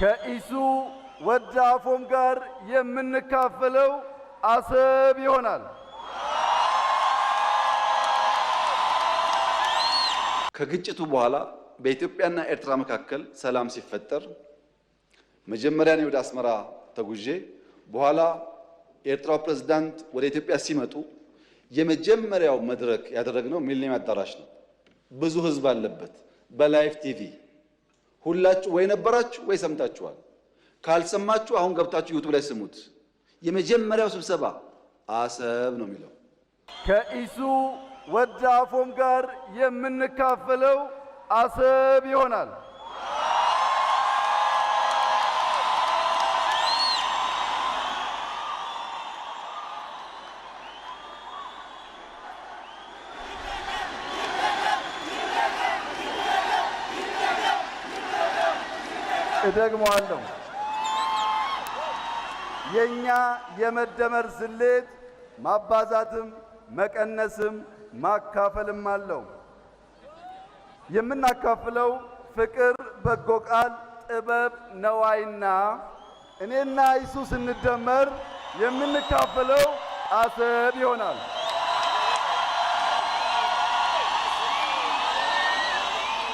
ከኢሱ ወዳፎም ጋር የምንካፈለው አሰብ ይሆናል። ከግጭቱ በኋላ በኢትዮጵያና ኤርትራ መካከል ሰላም ሲፈጠር መጀመሪያ እኔ ወደ አስመራ ተጉዤ በኋላ የኤርትራው ፕሬዝዳንት ወደ ኢትዮጵያ ሲመጡ የመጀመሪያው መድረክ ያደረግነው ሚሊኒየም አዳራሽ ነው። ብዙ ሕዝብ አለበት። በላይቭ ቲቪ ሁላችሁ ወይ ነበራችሁ ወይ ሰምታችኋል። ካልሰማችሁ አሁን ገብታችሁ ዩቱብ ላይ ስሙት። የመጀመሪያው ስብሰባ አሰብ ነው የሚለው ከኢሱ ወደ አፎም ጋር የምንካፈለው አሰብ ይሆናል። እደግመዋለሁ። የእኛ የመደመር ስሌት ማባዛትም መቀነስም ማካፈልም አለው። የምናካፍለው ፍቅር፣ በጎ ቃል፣ ጥበብ፣ ነዋይና እኔና ኢየሱስ እንደመር የምንካፈለው አሰብ ይሆናል።